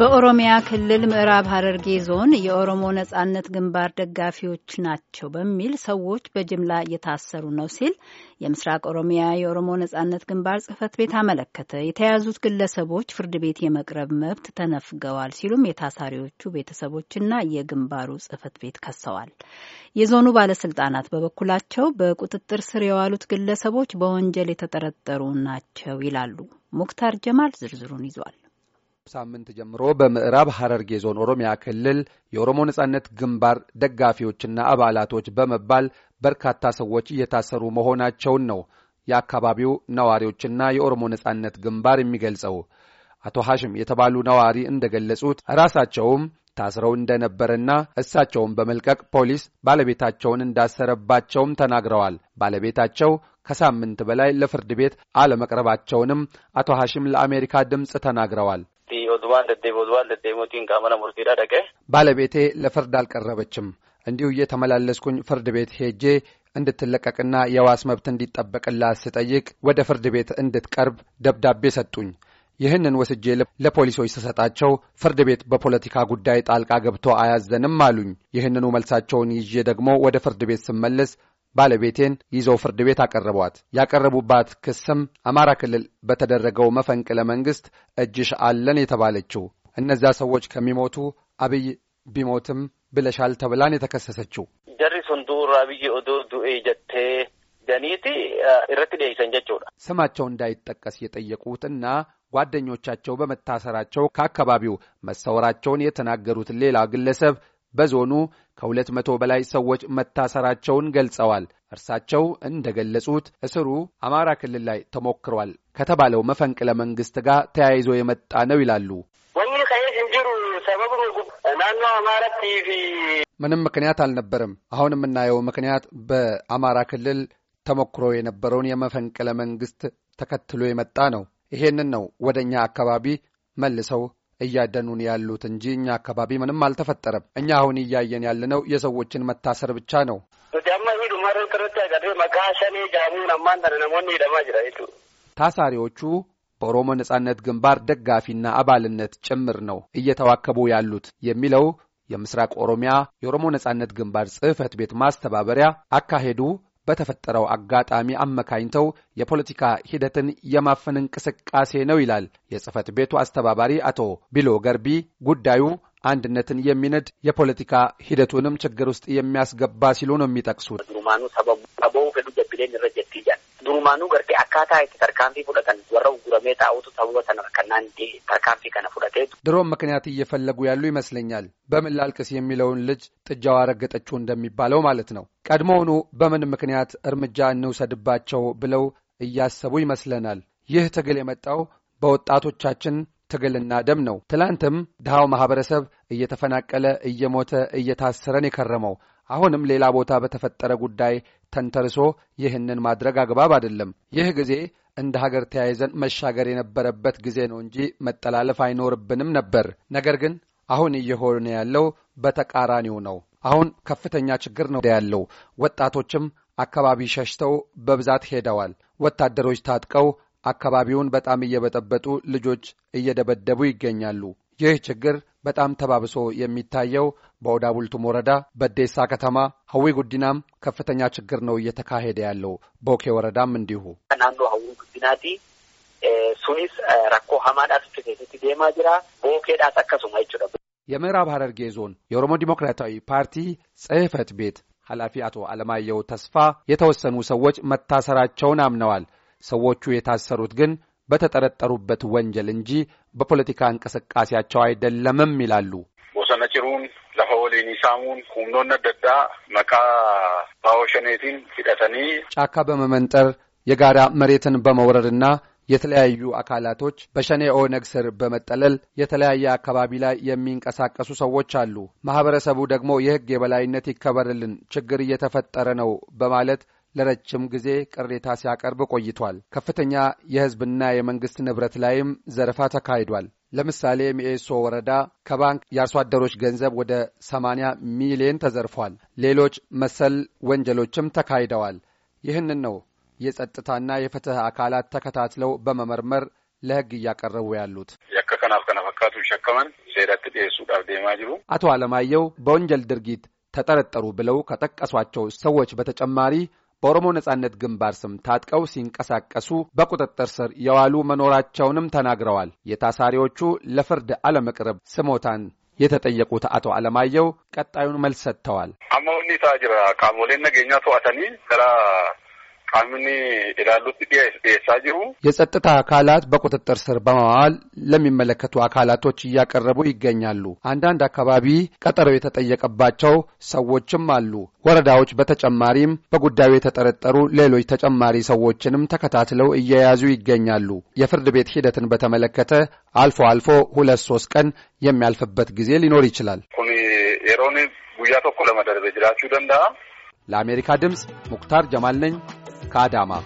በኦሮሚያ ክልል ምዕራብ ሐረርጌ ዞን የኦሮሞ ነጻነት ግንባር ደጋፊዎች ናቸው በሚል ሰዎች በጅምላ እየታሰሩ ነው ሲል የምስራቅ ኦሮሚያ የኦሮሞ ነጻነት ግንባር ጽህፈት ቤት አመለከተ። የተያዙት ግለሰቦች ፍርድ ቤት የመቅረብ መብት ተነፍገዋል ሲሉም የታሳሪዎቹ ቤተሰቦችና የግንባሩ ጽህፈት ቤት ከሰዋል። የዞኑ ባለስልጣናት በበኩላቸው በቁጥጥር ስር የዋሉት ግለሰቦች በወንጀል የተጠረጠሩ ናቸው ይላሉ። ሙክታር ጀማል ዝርዝሩን ይዟል። ሳምንት ጀምሮ በምዕራብ ሐረርጌ ዞን ኦሮሚያ ክልል የኦሮሞ ነጻነት ግንባር ደጋፊዎችና አባላቶች በመባል በርካታ ሰዎች እየታሰሩ መሆናቸውን ነው የአካባቢው ነዋሪዎችና የኦሮሞ ነጻነት ግንባር የሚገልጸው። አቶ ሐሽም የተባሉ ነዋሪ እንደገለጹት ራሳቸውም ታስረው እንደነበረና እሳቸውን በመልቀቅ ፖሊስ ባለቤታቸውን እንዳሰረባቸውም ተናግረዋል። ባለቤታቸው ከሳምንት በላይ ለፍርድ ቤት አለመቅረባቸውንም አቶ ሐሽም ለአሜሪካ ድምፅ ተናግረዋል። ባለቤቴ ለፍርድ አልቀረበችም። እንዲሁ እየተመላለስኩኝ ፍርድ ቤት ሄጄ እንድትለቀቅና የዋስ መብት እንዲጠበቅላት ስጠይቅ ወደ ፍርድ ቤት እንድትቀርብ ደብዳቤ ሰጡኝ። ይህንን ወስጄ ለፖሊሶች ስሰጣቸው ፍርድ ቤት በፖለቲካ ጉዳይ ጣልቃ ገብቶ አያዘንም አሉኝ። ይህንኑ መልሳቸውን ይዤ ደግሞ ወደ ፍርድ ቤት ስመለስ ባለቤቴን ይዘው ፍርድ ቤት አቀረቧት። ያቀረቡባት ክስም አማራ ክልል በተደረገው መፈንቅለ መንግሥት እጅሽ አለን የተባለችው እነዚያ ሰዎች ከሚሞቱ አብይ ቢሞትም ብለሻል ተብላን የተከሰሰችው ጀሪሱን ዱር አብይ ኦዶ ዱኤ ጀቴ ገኒቲ እረት ደይሰን ጀቸው ስማቸው እንዳይጠቀስ እና ጓደኞቻቸው በመታሰራቸው ከአካባቢው መሰወራቸውን የተናገሩት ሌላ ግለሰብ በዞኑ ከሁለት መቶ በላይ ሰዎች መታሰራቸውን ገልጸዋል። እርሳቸው እንደገለጹት እስሩ አማራ ክልል ላይ ተሞክሯል ከተባለው መፈንቅለ መንግስት ጋር ተያይዞ የመጣ ነው ይላሉ። ምንም ምክንያት አልነበረም። አሁን የምናየው ምክንያት በአማራ ክልል ተሞክሮ የነበረውን የመፈንቅለ መንግስት ተከትሎ የመጣ ነው። ይሄንን ነው ወደ እኛ አካባቢ መልሰው እያደኑን ያሉት እንጂ እኛ አካባቢ ምንም አልተፈጠረም። እኛ አሁን እያየን ያለነው የሰዎችን መታሰር ብቻ ነው። ታሳሪዎቹ በኦሮሞ ነጻነት ግንባር ደጋፊና አባልነት ጭምር ነው እየተዋከቡ ያሉት የሚለው የምስራቅ ኦሮሚያ የኦሮሞ ነጻነት ግንባር ጽህፈት ቤት ማስተባበሪያ አካሄዱ በተፈጠረው አጋጣሚ አመካኝተው የፖለቲካ ሂደትን የማፈን እንቅስቃሴ ነው ይላል የጽህፈት ቤቱ አስተባባሪ አቶ ቢሎ ገርቢ። ጉዳዩ አንድነትን የሚነድ የፖለቲካ ሂደቱንም ችግር ውስጥ የሚያስገባ ሲሉ ነው የሚጠቅሱት። Durumaanuu gartee akkaataa itti tarkaanfii fudhatan warra gurguramee taa'utu ta'uu ተነርከና እንዲ ተርካምፊ ከነፉለቴ ድሮም ምክንያት እየፈለጉ ያሉ ይመስለኛል። በምን ላልቅስ የሚለውን ልጅ ጥጃዋ ረገጠችው እንደሚባለው ማለት ነው። ቀድሞውኑ በምን ምክንያት እርምጃ እንውሰድባቸው ብለው እያሰቡ ይመስለናል። ይህ ትግል የመጣው በወጣቶቻችን ትግልና ደም ነው። ትላንትም ድሃው ማህበረሰብ እየተፈናቀለ እየሞተ እየታሰረን የከረመው አሁንም ሌላ ቦታ በተፈጠረ ጉዳይ ተንተርሶ ይህንን ማድረግ አግባብ አይደለም። ይህ ጊዜ እንደ ሀገር ተያይዘን መሻገር የነበረበት ጊዜ ነው እንጂ መጠላለፍ አይኖርብንም ነበር። ነገር ግን አሁን እየሆነ ያለው በተቃራኒው ነው። አሁን ከፍተኛ ችግር ነው ያለው። ወጣቶችም አካባቢ ሸሽተው በብዛት ሄደዋል። ወታደሮች ታጥቀው አካባቢውን በጣም እየበጠበጡ ልጆች እየደበደቡ ይገኛሉ። ይህ ችግር በጣም ተባብሶ የሚታየው በኦዳቡልቱም ወረዳ በዴሳ ከተማ ሀዊ ጉዲናም ከፍተኛ ችግር ነው እየተካሄደ ያለው። ቦኬ ወረዳም እንዲሁ። ከናንዶ ሀዊ ጉዲናቲ ሱኒስ ረኮ ሀማዳስ ፕሬዚደንት ዴማ ጅራ ዳ አከሱማ ይችላል። የምዕራብ ሀረርጌ ዞን የኦሮሞ ዲሞክራታዊ ፓርቲ ጽህፈት ቤት ኃላፊ አቶ አለማየሁ ተስፋ የተወሰኑ ሰዎች መታሰራቸውን አምነዋል። ሰዎቹ የታሰሩት ግን በተጠረጠሩበት ወንጀል እንጂ በፖለቲካ እንቅስቃሴያቸው አይደለምም ይላሉ። ቦሰነችሩን ለፈወሌኒ ሳሙን ሁምኖነ ደዳ መቃ ባወሸኔቲን ሂደተኒ ጫካ በመመንጠር የጋራ መሬትን በመውረድና የተለያዩ አካላቶች በሸኔ ኦነግ ስር በመጠለል የተለያየ አካባቢ ላይ የሚንቀሳቀሱ ሰዎች አሉ። ማህበረሰቡ ደግሞ የህግ የበላይነት ይከበርልን፣ ችግር እየተፈጠረ ነው በማለት ለረጅም ጊዜ ቅሬታ ሲያቀርብ ቆይቷል። ከፍተኛ የሕዝብና የመንግሥት ንብረት ላይም ዘረፋ ተካሂዷል። ለምሳሌ ሚኤሶ ወረዳ ከባንክ የአርሶ አደሮች ገንዘብ ወደ 80 ሚሊዮን ተዘርፏል። ሌሎች መሰል ወንጀሎችም ተካሂደዋል። ይህንን ነው የጸጥታና የፍትህ አካላት ተከታትለው በመመርመር ለሕግ እያቀረቡ ያሉት። አቶ አለማየሁ በወንጀል ድርጊት ተጠረጠሩ ብለው ከጠቀሷቸው ሰዎች በተጨማሪ በኦሮሞ ነጻነት ግንባር ስም ታጥቀው ሲንቀሳቀሱ በቁጥጥር ስር የዋሉ መኖራቸውንም ተናግረዋል። የታሳሪዎቹ ለፍርድ አለመቅረብ ስሞታን የተጠየቁት አቶ አለማየሁ ቀጣዩን መልስ ሰጥተዋል። አማሁኒ ታጅራ ቃሞሌ ነገኛ ተዋተኒ የጸጥታ አካላት በቁጥጥር ስር በማዋል ለሚመለከቱ አካላቶች እያቀረቡ ይገኛሉ። አንዳንድ አካባቢ ቀጠሮ የተጠየቀባቸው ሰዎችም አሉ። ወረዳዎች በተጨማሪም በጉዳዩ የተጠረጠሩ ሌሎች ተጨማሪ ሰዎችንም ተከታትለው እየያዙ ይገኛሉ። የፍርድ ቤት ሂደትን በተመለከተ አልፎ አልፎ ሁለት ሶስት ቀን የሚያልፍበት ጊዜ ሊኖር ይችላል። የሮኒ ጉያ ተኮ ለመደረበ ጅራችሁ ደንዳ ለአሜሪካ ድምፅ ሙክታር ጀማል ነኝ። 卡达吗？